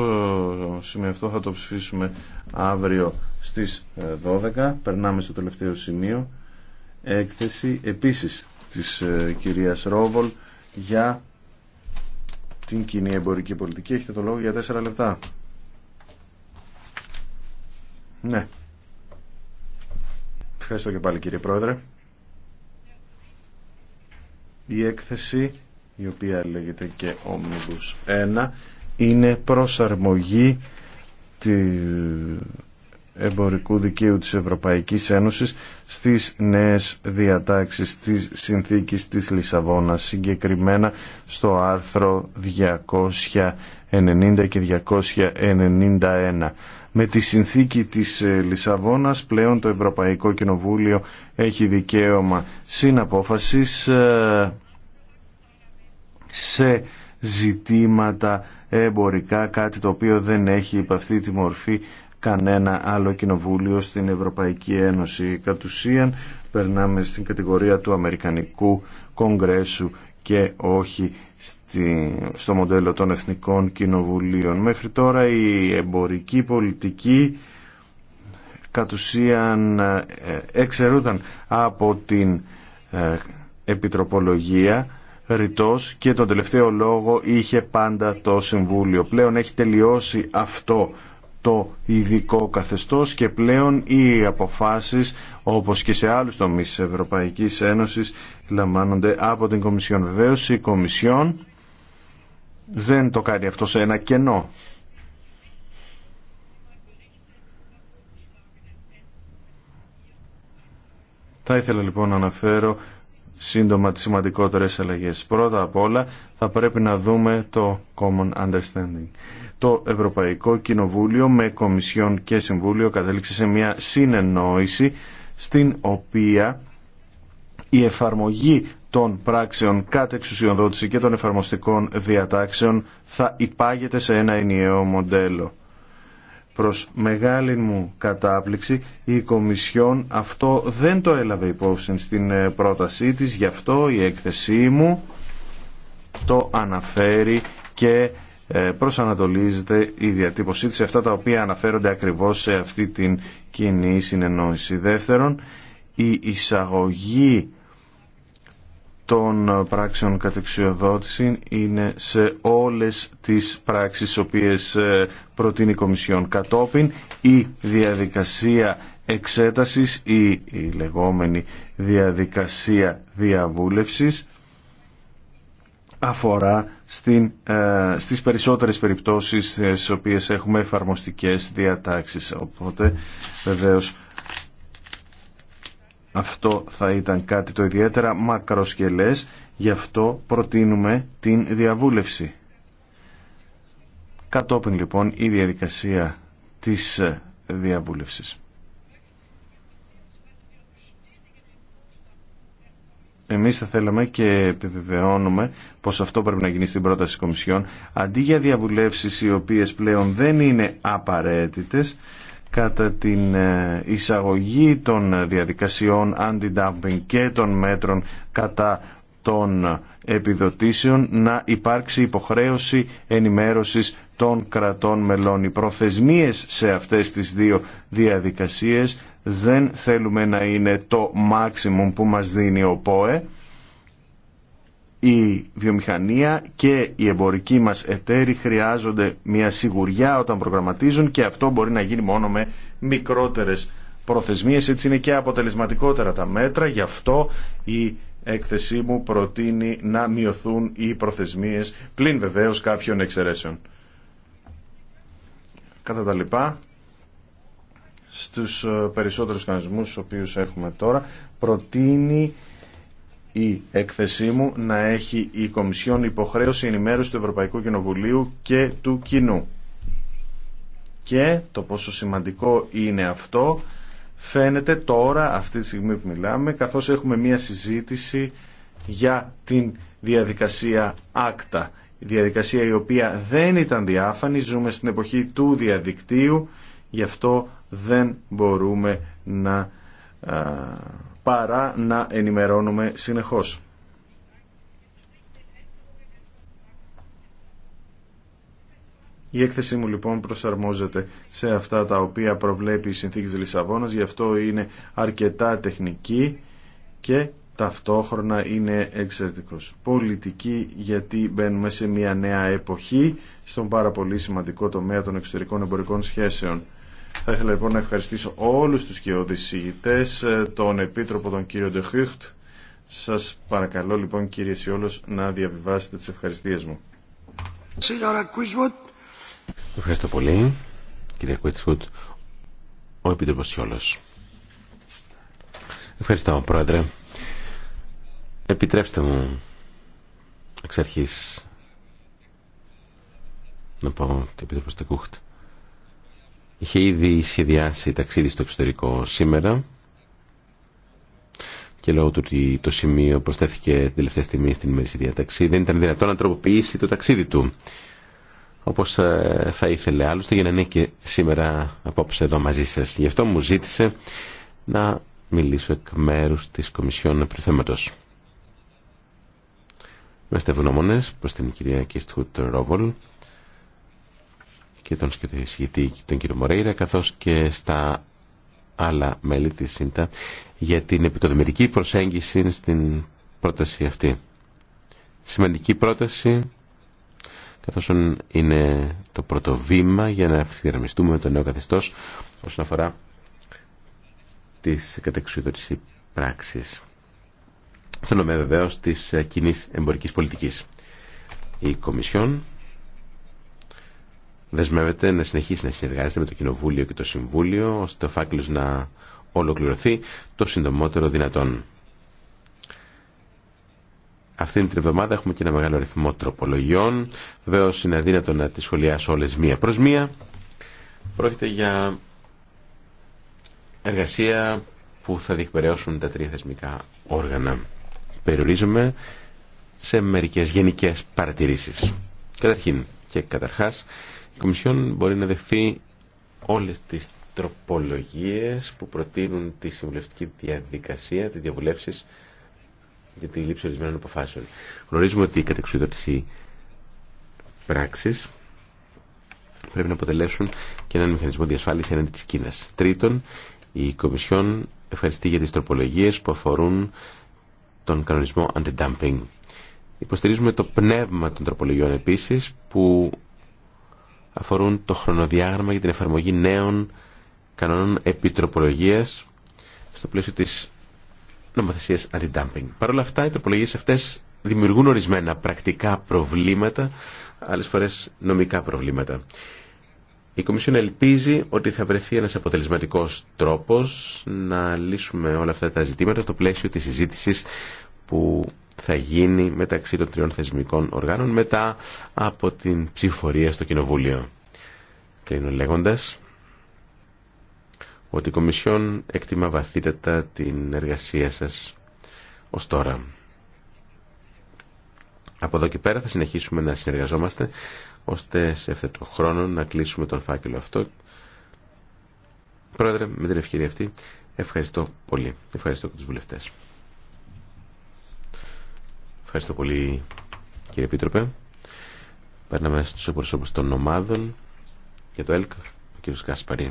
το σημείο αυτό θα το ψηφίσουμε αύριο στις 12. Ε, Περνάμε στο τελευταίο σημείο. Έκθεση επίσης της ε, κυρίας Ρόβολ για την κοινή εμπορική πολιτική. Έχετε το λόγο για 4 λεπτά. Ναι. Ευχαριστώ και πάλι κύριε Πρόεδρε. Η έκθεση η οποία λέγεται και Omnibus 1 είναι προσαρμογή του εμπορικού δικαίου της Ευρωπαϊκής Ένωσης στις νέες διατάξεις της συνθήκης της Λισαβόνας, συγκεκριμένα στο άρθρο 290 και 291. Με τη συνθήκη της Λισαβόνας πλέον το Ευρωπαϊκό Κοινοβούλιο έχει δικαίωμα συναπόφασης ε, σε ζητήματα εμπορικά, κάτι το οποίο δεν έχει υπ' τη μορφή κανένα άλλο κοινοβούλιο στην Ευρωπαϊκή Ένωση. Κατ' ουσίαν περνάμε στην κατηγορία του Αμερικανικού Κογκρέσου και όχι στο μοντέλο των Εθνικών Κοινοβουλίων. Μέχρι τώρα η εμπορική πολιτική κατ' ουσίαν ε, εξαιρούταν από την ε, επιτροπολογία ρητός και τον τελευταίο λόγο είχε πάντα το Συμβούλιο. Πλέον έχει τελειώσει αυτό το ειδικό καθεστώς και πλέον οι αποφάσεις όπως και σε άλλους τομείς της Ευρωπαϊκής Ένωσης λαμβάνονται από την Κομισιόν. Βεβαίως η Κομισιόν δεν το κάνει αυτό σε ένα κενό. Θα ήθελα λοιπόν να αναφέρω σύντομα τις σημαντικότερες αλλαγές. Πρώτα απ' όλα θα πρέπει να δούμε το Common Understanding. Το Ευρωπαϊκό Κοινοβούλιο με Κομισιόν και Συμβούλιο κατέληξε σε μια συνεννόηση στην οποία η εφαρμογή των πράξεων κατ' εξουσιοδότηση και των εφαρμοστικών διατάξεων θα υπάγεται σε ένα ενιαίο μοντέλο. Προς μεγάλη μου κατάπληξη η Κομισιόν αυτό δεν το έλαβε υπόψη στην ε, πρότασή της, γι' αυτό η έκθεσή μου το αναφέρει και ε, προσανατολίζεται η διατύπωσή της αυτά τα οποία αναφέρονται ακριβώς σε αυτή την κοινή συνεννόηση. Δεύτερον, η εισαγωγή των πράξεων κατεξιοδότηση είναι σε όλες τις πράξεις οποίες ε, προτείνει η Κομισιόν κατόπιν η διαδικασία εξέτασης ή η λεγόμενη διαδικασία διαβούλευσης αφορά στην, ε, στις περισσότερες περιπτώσεις στις οποίες έχουμε εφαρμοστικές διατάξεις. Οπότε βεβαίως αυτό θα ήταν κάτι το ιδιαίτερα μακροσκελές, γι' αυτό προτείνουμε την διαβούλευση. Κατόπιν λοιπόν η διαδικασία της ε, διαβούλευσης. Εμείς θα θέλαμε και επιβεβαιώνουμε πως αυτό πρέπει να γίνει στην πρόταση της Κομισιόν, αντί για διαβουλεύσεις οι οποίες πλέον δεν είναι απαραίτητες, κατά την ε, εισαγωγή των διαδικασιών αντι-dumping και των μέτρων κατά των επιδοτήσεων να υπάρξει υποχρέωση ενημέρωσης των κρατών μελών. Οι προθεσμίες σε αυτές τις δύο διαδικασίες δεν θέλουμε να είναι το maximum που μας δίνει ο ΠΟΕ η βιομηχανία και η εμπορικοί μας εταίροι χρειάζονται μια σιγουριά όταν προγραμματίζουν και αυτό μπορεί να γίνει μόνο με μικρότερες προθεσμίες. Έτσι είναι και αποτελεσματικότερα τα μέτρα. Γι' αυτό η έκθεσή μου προτείνει να μειωθούν οι προθεσμίες πλην βεβαίως κάποιων εξαιρέσεων. Κατά τα λοιπά, στους ε, περισσότερους κανονισμούς στους οποίους έχουμε τώρα, προτείνει η έκθεσή μου να έχει η Κομισιόν υποχρέωση ενημέρωση του Ευρωπαϊκού Κοινοβουλίου και του κοινού. Και το πόσο σημαντικό είναι αυτό φαίνεται τώρα, αυτή τη στιγμή που μιλάμε, καθώς έχουμε μία συζήτηση για την διαδικασία άκτα. διαδικασία η οποία δεν ήταν διάφανη, ζούμε στην εποχή του διαδικτύου, γι' αυτό δεν μπορούμε να παρά να ενημερώνουμε συνεχώς. Η έκθεσή μου λοιπόν προσαρμόζεται σε αυτά τα οποία προβλέπει η συνθήκη της Λισαβόνας, γι' αυτό είναι αρκετά τεχνική και ταυτόχρονα είναι εξαιρετικός. Πολιτική γιατί μπαίνουμε σε μια νέα εποχή στον πάρα πολύ σημαντικό τομέα των εξωτερικών εμπορικών σχέσεων. Θα ήθελα λοιπόν να ευχαριστήσω όλους τους κοιόδης τον Επίτροπο τον κύριο Ντεχούχτ. Σας παρακαλώ λοιπόν κύριε Σιόλος να διαβιβάσετε τις ευχαριστίες μου. Ευχαριστώ πολύ κύριε Κουίτσχουτ, ο Επίτροπος Σιόλος. Ευχαριστώ πρόεδρε. Επιτρέψτε μου εξ αρχής να πω ότι Επίτροπος Ντεχούχτ είχε ήδη σχεδιάσει ταξίδι στο εξωτερικό σήμερα και λόγω του ότι το σημείο προσθέθηκε την τελευταία στιγμή στην ημερήσια διαταξή δεν ήταν δυνατό να τροποποιήσει το ταξίδι του όπως ε, θα ήθελε άλλωστε για να είναι και σήμερα απόψε εδώ μαζί σας. Γι' αυτό μου ζήτησε να μιλήσω εκ μέρους της Κομισιόν Προθέματος. Είμαστε ευγνώμονες προς την κυρία Κίστχουτ Ρόβολ και τον σχετική τον κύριο Μωρέιρα καθώς και στα άλλα μέλη της ΣΥΝΤΑ για την επικοδομητική προσέγγιση στην πρόταση αυτή. Σημαντική πρόταση καθώς είναι το πρώτο βήμα για να ευθυγραμμιστούμε με το νέο καθεστώς όσον αφορά τις κατεξουδότησης πράξεις. Θέλουμε βεβαίως της κοινή εμπορικής πολιτικής. Η Κομισιόν δεσμεύεται να συνεχίσει να συνεργάζεται με το Κοινοβούλιο και το Συμβούλιο ώστε ο φάκελος να ολοκληρωθεί το συντομότερο δυνατόν. Αυτή την εβδομάδα έχουμε και ένα μεγάλο αριθμό τροπολογιών. Βεβαίω είναι αδύνατο να τις σχολιάσω όλε μία προς μία. Πρόκειται για εργασία που θα διεκπαιρεώσουν τα τρία θεσμικά όργανα. Περιορίζομαι σε μερικές γενικές παρατηρήσεις. Καταρχήν και καταρχάς η Κομισιόν μπορεί να δεχθεί όλες τις τροπολογίες που προτείνουν τη συμβουλευτική διαδικασία, τις διαβουλεύσεις για τη λήψη ορισμένων αποφάσεων. Γνωρίζουμε ότι η κατεξουδότηση πράξης πρέπει να αποτελέσουν και έναν μηχανισμό διασφάλιση εναντί της Κίνας. Τρίτον, η Κομισιόν ευχαριστεί για τις τροπολογίες που αφορούν τον κανονισμό anti-dumping. Υποστηρίζουμε το πνεύμα των τροπολογιών επίσης που αφορούν το χρονοδιάγραμμα για την εφαρμογή νέων κανόνων επιτροπολογίας στο πλαίσιο της νομοθεσίας αντι-dumping. Παρ' όλα αυτά, οι τροπολογίες αυτές δημιουργούν ορισμένα πρακτικά προβλήματα, άλλες φορές νομικά προβλήματα. Η Κομισιόν ελπίζει ότι θα βρεθεί ένας αποτελεσματικός τρόπος να λύσουμε όλα αυτά τα ζητήματα στο πλαίσιο της συζήτησης που θα γίνει μεταξύ των τριών θεσμικών οργάνων μετά από την ψηφορία στο Κοινοβούλιο. Κλείνω λέγοντας ότι η Κομισιόν εκτιμά βαθύτατα την εργασία σας ως τώρα. Από εδώ και πέρα θα συνεχίσουμε να συνεργαζόμαστε ώστε σε το χρόνο να κλείσουμε τον φάκελο αυτό. Πρόεδρε, με την ευκαιρία αυτή, ευχαριστώ πολύ. Ευχαριστώ και τους βουλευτές. Ευχαριστώ πολύ κύριε Επίτροπε. παίρναμε στους εκπροσώπους των ομάδων και το ΕΛΚ, ο κύριος Κασπαρή.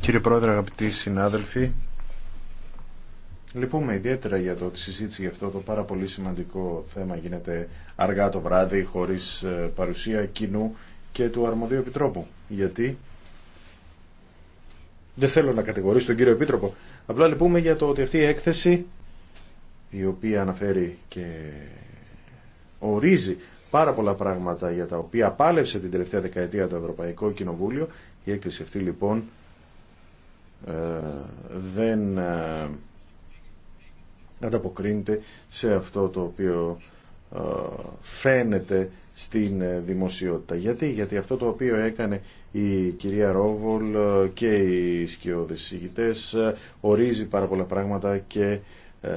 Κύριε Πρόεδρε, αγαπητοί συνάδελφοι, λυπούμε ιδιαίτερα για το ότι συζήτηση για αυτό το πάρα πολύ σημαντικό θέμα γίνεται αργά το βράδυ, χωρίς ε, παρουσία κοινού και του αρμοδίου επιτρόπου. Γιατί δεν θέλω να κατηγορήσω τον κύριο Επίτροπο. Απλά λυπούμε για το ότι αυτή η έκθεση η οποία αναφέρει και ορίζει πάρα πολλά πράγματα για τα οποία πάλευσε την τελευταία δεκαετία το Ευρωπαϊκό Κοινοβούλιο. Η έκθεση αυτή λοιπόν ε, δεν ε, ανταποκρίνεται σε αυτό το οποίο ε, φαίνεται στην δημοσιότητα. Γιατί, γιατί αυτό το οποίο έκανε η κυρία Ρόβολ και οι σκιώδες ηγητές ορίζει πάρα πολλά πράγματα και ε,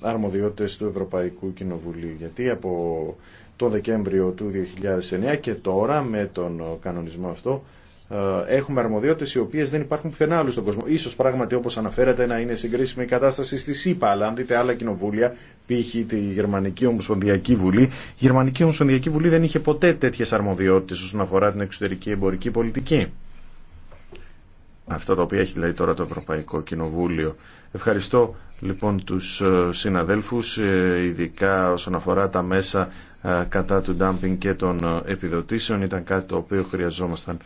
αρμοδιότητες του Ευρωπαϊκού Κοινοβουλίου. Γιατί από το Δεκέμβριο του 2009 και τώρα με τον κανονισμό αυτό ε, έχουμε αρμοδιότητες οι οποίες δεν υπάρχουν πουθενά άλλου στον κόσμο. Ίσως πράγματι όπως αναφέρατε να είναι συγκρίσιμη η κατάσταση στη ΣΥΠΑ, αλλά αν δείτε άλλα κοινοβούλια, π.χ. τη Γερμανική Ομοσπονδιακή Βουλή, η Γερμανική Ομοσπονδιακή Βουλή δεν είχε ποτέ τέτοιες αρμοδιότητες όσον αφορά την εξωτερική εμπορική πολιτική αυτά τα οποία έχει λέει τώρα το Ευρωπαϊκό Κοινοβούλιο. Ευχαριστώ λοιπόν τους ε, συναδέλφους, ε, ειδικά όσον αφορά τα μέσα ε, κατά του ντάμπινγκ και των επιδοτήσεων. Ήταν κάτι το οποίο χρειαζόμασταν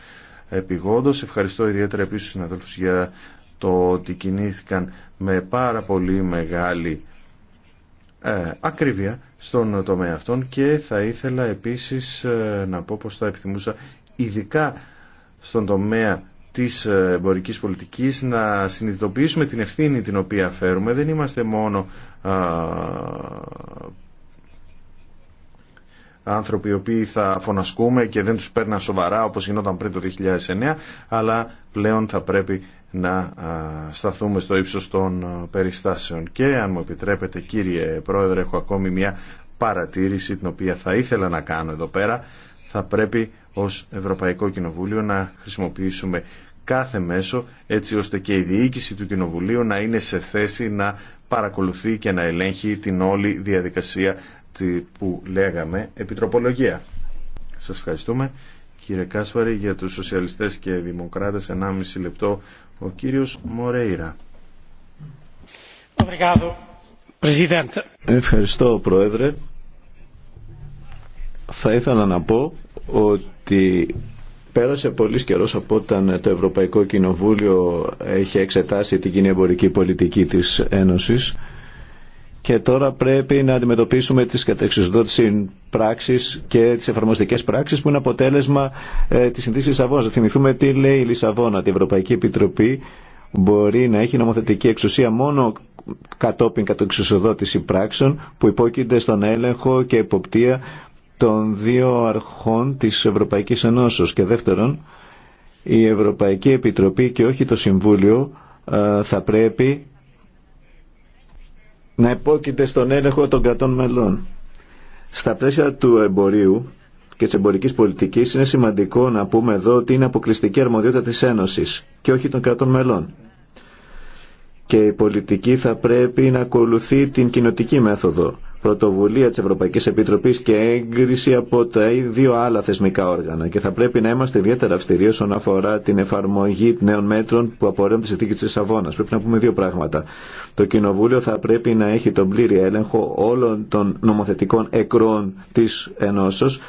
επιγόντως. Ευχαριστώ ιδιαίτερα επίσης τους συναδέλφους για το ότι κινήθηκαν με πάρα πολύ μεγάλη ακρίβεια στον τομέα αυτών και θα ήθελα επίσης να πω πως θα επιθυμούσα ειδικά στον τομέα της ε, εμπορικής πολιτικής να συνειδητοποιήσουμε την ευθύνη την οποία φέρουμε. Δεν είμαστε μόνο άνθρωποι οι οποίοι θα φωνασκούμε και δεν τους παίρναν σοβαρά όπως γινόταν πριν το 2009 αλλά πλέον θα πρέπει να σταθούμε στο ύψος των περιστάσεων και αν μου επιτρέπετε κύριε Πρόεδρε έχω ακόμη μια παρατήρηση την οποία θα ήθελα να κάνω εδώ πέρα θα πρέπει ως Ευρωπαϊκό Κοινοβούλιο να χρησιμοποιήσουμε κάθε μέσο έτσι ώστε και η διοίκηση του Κοινοβουλίου να είναι σε θέση να παρακολουθεί και να ελέγχει την όλη διαδικασία που λέγαμε επιτροπολογία. Σας ευχαριστούμε κύριε Κάσπαρη, για τους σοσιαλιστές και δημοκράτες 1,5 λεπτό ο κύριος Μορέιρα. Ευχαριστώ Πρόεδρε. Θα ήθελα να πω ότι πέρασε πολύ καιρό από όταν το Ευρωπαϊκό Κοινοβούλιο έχει εξετάσει την κοινή εμπορική πολιτική της Ένωσης και τώρα πρέπει να αντιμετωπίσουμε τις κατεξουσδότηση πράξεις και τις εφαρμοστικές πράξεις που είναι αποτέλεσμα ε, της συνθήκης Λισαβόνας. Θυμηθούμε τι λέει η Λισαβόνα, η Ευρωπαϊκή Επιτροπή μπορεί να έχει νομοθετική εξουσία μόνο κατόπιν κατεξουσδότηση πράξεων που υπόκεινται στον έλεγχο και υποπτία των δύο αρχών της Ευρωπαϊκής Ενώσεως και δεύτερον η Ευρωπαϊκή Επιτροπή και όχι το Συμβούλιο ε, θα πρέπει να υπόκειται στον έλεγχο των κρατών μελών. Στα πλαίσια του εμπορίου και της εμπορικής πολιτικής είναι σημαντικό να πούμε εδώ ότι είναι αποκλειστική αρμοδιότητα της Ένωσης και όχι των κρατών μελών. Και η πολιτική θα πρέπει να ακολουθεί την κοινοτική μέθοδο πρωτοβουλία της Ευρωπαϊκής Επιτροπής και έγκριση από τα δύο άλλα θεσμικά όργανα και θα πρέπει να είμαστε ιδιαίτερα αυστηροί όσον αφορά την εφαρμογή νέων μέτρων που απορρέουν τη συνθήκη της Λισαβόνας. Πρέπει να πούμε δύο πράγματα. Το Κοινοβούλιο θα πρέπει να έχει τον πλήρη έλεγχο όλων των νομοθετικών εκρών της ενώσεως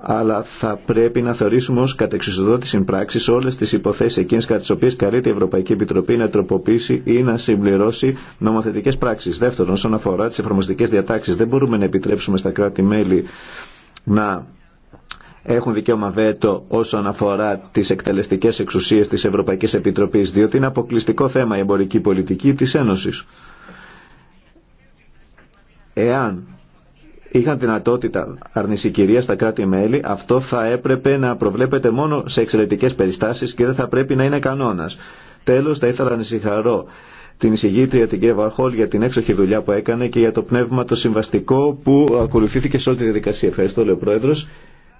αλλά θα πρέπει να θεωρήσουμε ως κατεξουσιοδότηση πράξη όλες τις υποθέσεις εκείνες κατά τις οποίες καλείται η Ευρωπαϊκή Επιτροπή να τροποποιήσει ή να συμπληρώσει νομοθετικές πράξεις. Δεύτερον, όσον αφορά τις εφαρμοστικές διατάξεις, δεν μπορούμε να επιτρέψουμε στα κράτη-μέλη να έχουν δικαίωμα βέτο όσον αφορά τι εκτελεστικέ εξουσίε τη Ευρωπαϊκή Επιτροπή, διότι είναι αποκλειστικό θέμα η εμπορική πολιτική τη Ένωση. Εάν είχαν δυνατότητα αρνησικυρία στα κράτη-μέλη, αυτό θα έπρεπε να προβλέπεται μόνο σε εξαιρετικέ περιστάσει και δεν θα πρέπει να είναι κανόνα. Τέλο, θα ήθελα να συγχαρώ την εισηγήτρια, την κυρία Βαρχόλ, για την έξοχη δουλειά που έκανε και για το πνεύμα το συμβαστικό που ακολουθήθηκε σε όλη τη διαδικασία. Ευχαριστώ, λέει ο Πρόεδρο.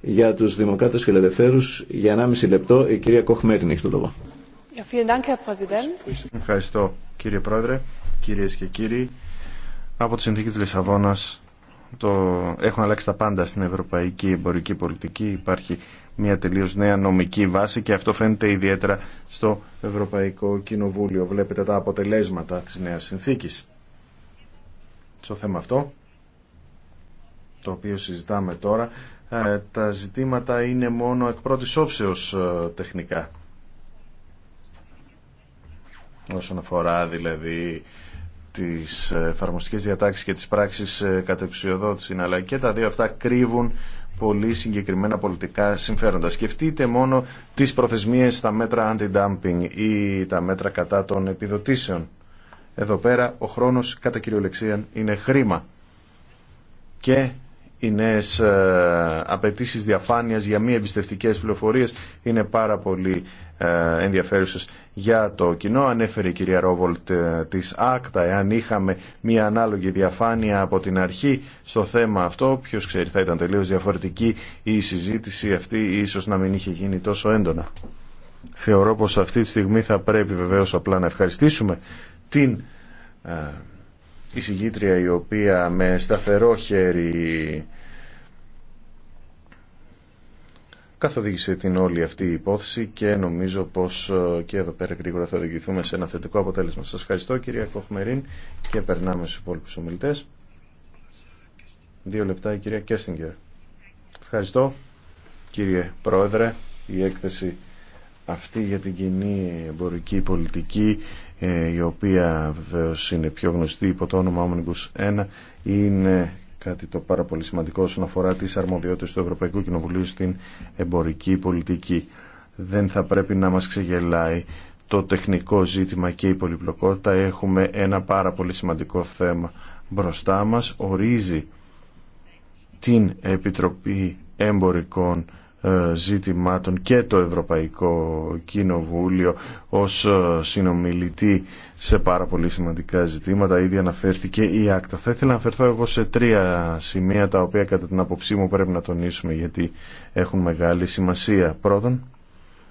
Για του Δημοκράτε Φιλελευθέρου, για 1,5 λεπτό, η κυρία Κοχμέριν έχει το λόγο. Ευχαριστώ, κύριε Πρόεδρε, κυρίε και κύριοι. Από τη συνθήκη τη Λισαβόνα το, έχουν αλλάξει τα πάντα στην ευρωπαϊκή εμπορική πολιτική. Υπάρχει μια τελείως νέα νομική βάση και αυτό φαίνεται ιδιαίτερα στο Ευρωπαϊκό Κοινοβούλιο. Βλέπετε τα αποτελέσματα της νέας συνθήκης. Στο θέμα αυτό, το οποίο συζητάμε τώρα, ε, τα ζητήματα είναι μόνο εκ πρώτης όψεως ε, τεχνικά. Όσον αφορά δηλαδή τις ε, εφαρμοστικές διατάξεις και τις πράξεις ε, κατευσιοδότηση αλλά και τα δύο αυτά κρύβουν πολύ συγκεκριμένα πολιτικά συμφέροντα. Σκεφτείτε μόνο τις προθεσμίες στα μέτρα anti-dumping ή τα μέτρα κατά των επιδοτήσεων. Εδώ πέρα ο χρόνος κατά κυριολεξία είναι χρήμα. Και οι νέε απαιτήσει διαφάνειας για μη εμπιστευτικέ πληροφορίε, είναι πάρα πολύ ε, ενδιαφέρουσες για το κοινό. Ανέφερε η κυρία Ρόβολτ ε, τη ΑΚΤΑ. Εάν είχαμε μια ανάλογη διαφάνεια από την αρχή στο θέμα αυτό, ποιο ξέρει θα ήταν τελείως διαφορετική η συζήτηση αυτή, ίσως να μην είχε γίνει τόσο έντονα. Θεωρώ πως αυτή τη στιγμή θα πρέπει βεβαίως απλά να ευχαριστήσουμε την ε, η συγγήτρια η οποία με σταθερό χέρι καθοδήγησε την όλη αυτή η υπόθεση και νομίζω πως ε, και εδώ πέρα γρήγορα θα οδηγηθούμε σε ένα θετικό αποτέλεσμα. Σας ευχαριστώ κυρία Κοχμερίν και περνάμε στους υπόλοιπους ομιλητές. Δύο λεπτά η κυρία Κέστιγκερ. Ευχαριστώ κύριε Πρόεδρε η έκθεση αυτή για την κοινή εμπορική πολιτική ε, η οποία βεβαίω είναι πιο γνωστή υπό το όνομα Omnibus 1 είναι κάτι το πάρα πολύ σημαντικό όσον αφορά τις αρμοδιότητες του Ευρωπαϊκού Κοινοβουλίου στην εμπορική πολιτική. Δεν θα πρέπει να μας ξεγελάει το τεχνικό ζήτημα και η πολυπλοκότητα. Έχουμε ένα πάρα πολύ σημαντικό θέμα μπροστά μας. Ορίζει την Επιτροπή Εμπορικών ε, ζητημάτων και το Ευρωπαϊκό Κοινοβούλιο ως ε, συνομιλητή σε πάρα πολύ σημαντικά ζητήματα. Ήδη αναφέρθηκε η άκτα. Θα ήθελα να αφαιρθώ εγώ σε τρία σημεία τα οποία κατά την αποψή μου πρέπει να τονίσουμε γιατί έχουν μεγάλη σημασία. Πρώτον,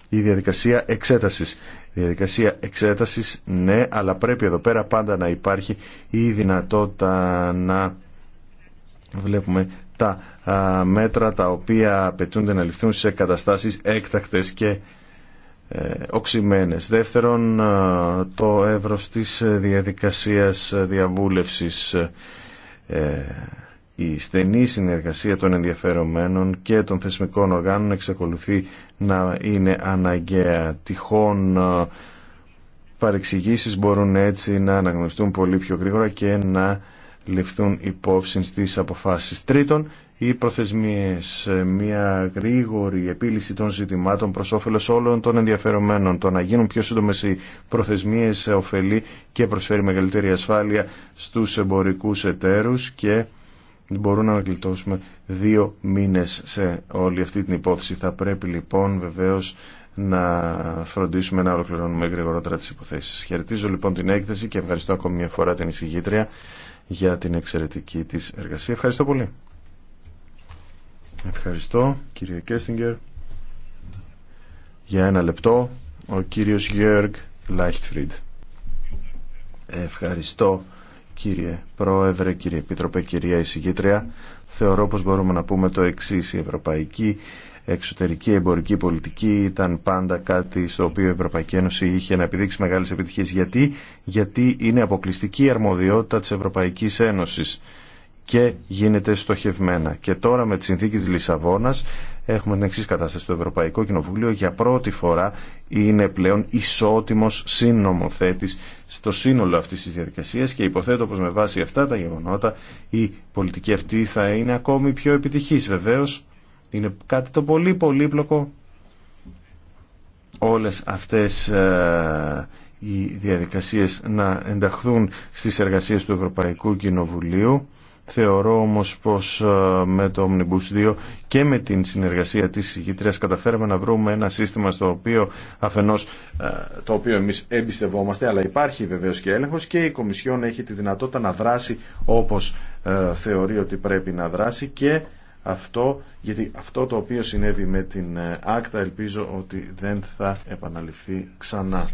η διαδικασία εξέτασης. Η διαδικασία εξέτασης, ναι, αλλά πρέπει εδώ πέρα πάντα να υπάρχει η δυνατότητα να βλέπουμε τα μέτρα τα οποία απαιτούνται να ληφθούν σε καταστάσεις έκτακτες και ε, οξυμένες. Δεύτερον, το εύρος της διαδικασίας διαβούλευσης ε, η στενή συνεργασία των ενδιαφερομένων και των θεσμικών οργάνων εξακολουθεί να είναι αναγκαία. Τυχόν παρεξηγήσεις μπορούν έτσι να αναγνωριστούν πολύ πιο γρήγορα και να ληφθούν υπόψη στις αποφάσεις. Τρίτον, οι προθεσμίες, ε, μια γρήγορη επίλυση των ζητημάτων προς όφελος όλων των ενδιαφερομένων, το να γίνουν πιο σύντομες οι προθεσμίες ωφελεί και προσφέρει μεγαλύτερη ασφάλεια στους εμπορικούς εταίρους και μπορούν να ανακλητώσουμε δύο μήνες σε όλη αυτή την υπόθεση. Θα πρέπει λοιπόν βεβαίως να φροντίσουμε να ολοκληρώνουμε γρηγορότερα τις υποθέσεις. Χαιρετίζω λοιπόν την έκθεση και ευχαριστώ ακόμη μια φορά την εισηγήτρια για την εξαιρετική της εργασία. Ευχαριστώ πολύ. Ευχαριστώ κύριε Κέστιγκερ. Για ένα λεπτό ο κύριος Γιώργ Λάιχτφριντ. Ευχαριστώ κύριε Πρόεδρε, κύριε Επίτροπε, κυρία Εισηγήτρια. Θεωρώ πως μπορούμε να πούμε το εξή. Η Ευρωπαϊκή εξωτερική εμπορική πολιτική ήταν πάντα κάτι στο οποίο η Ευρωπαϊκή Ένωση είχε να επιδείξει μεγάλες επιτυχίες. Γιατί, Γιατί είναι αποκλειστική αρμοδιότητα της Ευρωπαϊκής Ένωσης και γίνεται στοχευμένα. Και τώρα με τη συνθήκη της Λισαβόνας έχουμε την εξή κατάσταση. Το Ευρωπαϊκό Κοινοβούλιο για πρώτη φορά είναι πλέον ισότιμος συνομοθέτης στο σύνολο αυτής της διαδικασίας και υποθέτω πως με βάση αυτά τα γεγονότα η πολιτική αυτή θα είναι ακόμη πιο επιτυχής βεβαίως. Είναι κάτι το πολύ πολύπλοκο όλες αυτές ε, οι διαδικασίες να ενταχθούν στις εργασίες του Ευρωπαϊκού Κοινοβουλίου Θεωρώ όμως πως ε, με το Omnibus 2 και με την συνεργασία της ηγητρίας καταφέραμε να βρούμε ένα σύστημα στο οποίο αφενός ε, το οποίο εμείς εμπιστευόμαστε αλλά υπάρχει βεβαίως και έλεγχος και η Κομισιόν έχει τη δυνατότητα να δράσει όπως ε, θεωρεί ότι πρέπει να δράσει και αυτό, γιατί αυτό το οποίο συνέβη με την άκτα ελπίζω ότι δεν θα επαναληφθεί ξανά.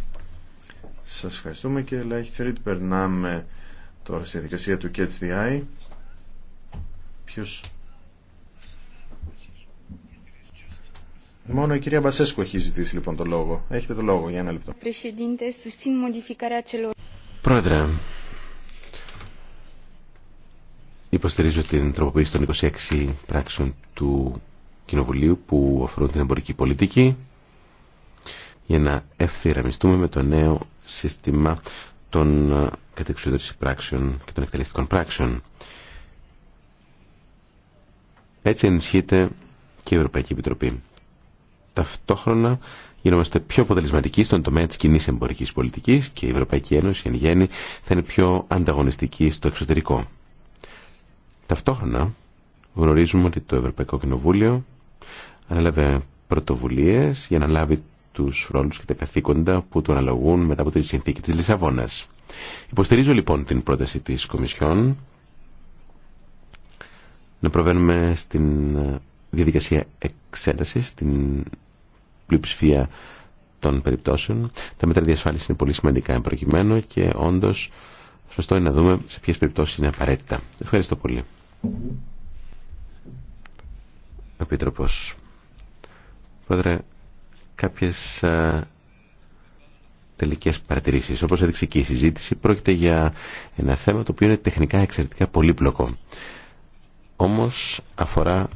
Σας ευχαριστούμε και ελάχιστη περνάμε τώρα στη διαδικασία του Catch the Eye. Ποιος... Μόνο η κυρία Μπασέσκου έχει ζητήσει λοιπόν το λόγο. Έχετε το λόγο για ένα λεπτό. Πρόεδρε, υποστηρίζω την τροποποίηση των 26 πράξεων του Κοινοβουλίου που αφορούν την εμπορική πολιτική για να ευθυραμιστούμε με το νέο σύστημα των κατεξουδότηση πράξεων και των εκτελεστικών πράξεων. Έτσι ενισχύεται και η Ευρωπαϊκή Επιτροπή. Ταυτόχρονα γινόμαστε πιο αποτελεσματικοί στον τομέα τη κοινή εμπορική πολιτική και η Ευρωπαϊκή Ένωση εν γέννη θα είναι πιο ανταγωνιστική στο εξωτερικό. Ταυτόχρονα γνωρίζουμε ότι το Ευρωπαϊκό Κοινοβούλιο ανέλαβε πρωτοβουλίε για να λάβει του ρόλου και τα καθήκοντα που του αναλογούν μετά από τη συνθήκη τη Λισαβόνα. Υποστηρίζω λοιπόν την πρόταση τη Κομισιόν να προβαίνουμε στην ε, διαδικασία εξέτασης, στην πλειοψηφία των περιπτώσεων. Τα μέτρα διασφάλισης είναι πολύ σημαντικά εμπροκειμένου και όντως σωστό είναι να δούμε σε ποιες περιπτώσεις είναι απαραίτητα. Ευχαριστώ πολύ. Επίτροπος. Πρόεδρε, κάποιες τελικέ τελικές παρατηρήσεις. Όπως έδειξε και η συζήτηση, πρόκειται για ένα θέμα το οποίο είναι τεχνικά εξαιρετικά πολύπλοκο όμως αφορά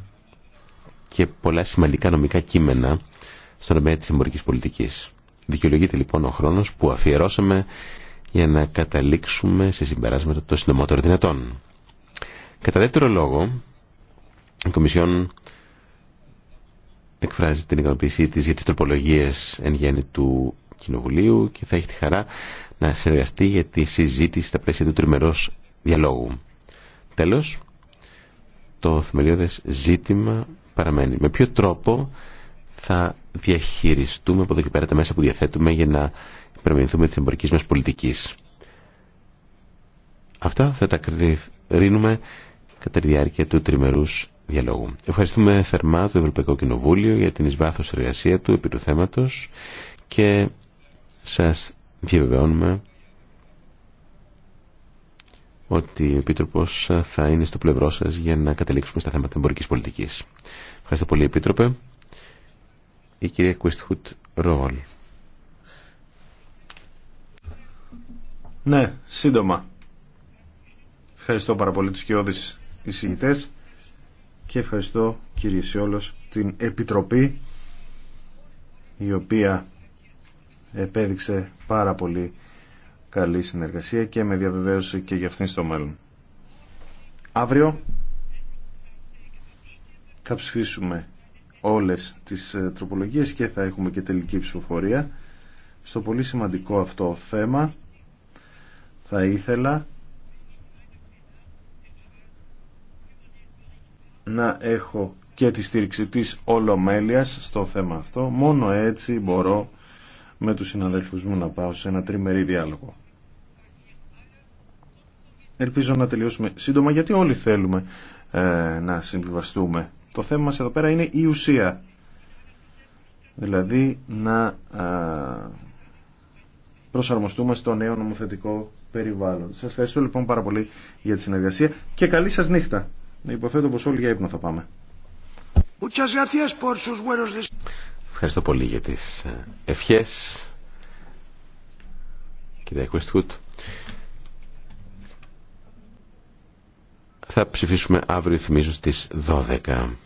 και πολλά σημαντικά νομικά κείμενα στον τομέα της εμπορικής πολιτικής. Δικαιολογείται λοιπόν ο χρόνος που αφιερώσαμε για να καταλήξουμε σε συμπεράσματα το συντομότερο δυνατόν. Κατά δεύτερο λόγο, η Κομισιόν εκφράζει την ικανοποίησή της για τις τροπολογίες εν γέννη του Κοινοβουλίου και θα έχει τη χαρά να συνεργαστεί για τη συζήτηση στα πλαίσια του τριμερός διαλόγου. Τέλος, το θεμελιώδες ζήτημα παραμένει. Με ποιο τρόπο θα διαχειριστούμε από εδώ και πέρα τα μέσα που διαθέτουμε για να υπερμηνθούμε της εμπορικής μας πολιτικής. Αυτά θα τα κρίνουμε κατά τη διάρκεια του τριμερούς διαλόγου. Ευχαριστούμε θερμά το Ευρωπαϊκό Κοινοβούλιο για την εισβάθος εργασία του επί του θέματος και σας διαβεβαιώνουμε ότι ο Επίτροπος θα είναι στο πλευρό σας για να καταλήξουμε στα θέματα εμπορικής πολιτικής. Ευχαριστώ πολύ Επίτροπε. Η κυρία Κουιστχούτ Ρόλ. Ναι, σύντομα. Ευχαριστώ πάρα πολύ τους κοιόδης εισηγητές και ευχαριστώ κύριε Σιόλος την Επιτροπή η οποία επέδειξε πάρα πολύ καλή συνεργασία και με διαβεβαίωση και για αυτήν στο μέλλον. Αύριο θα ψηφίσουμε όλες τις ε, τροπολογίες και θα έχουμε και τελική ψηφοφορία. Στο πολύ σημαντικό αυτό θέμα θα ήθελα να έχω και τη στήριξη της Ολομέλειας στο θέμα αυτό. Μόνο έτσι μπορώ με τους συναδελφούς μου να πάω σε ένα τριμερή διάλογο. Ελπίζω να τελειώσουμε σύντομα γιατί όλοι θέλουμε ε, να συμβιβαστούμε. Το θέμα μας εδώ πέρα είναι η ουσία. Δηλαδή να ε, προσαρμοστούμε στο νέο νομοθετικό περιβάλλον. Σας ευχαριστώ λοιπόν πάρα πολύ για τη συνεργασία και καλή σας νύχτα. Υποθέτω πως όλοι για ύπνο θα πάμε. Ευχαριστώ πολύ για τις ε, ευχές. Θα ψηφίσουμε αύριο, θυμίζω, στις 12.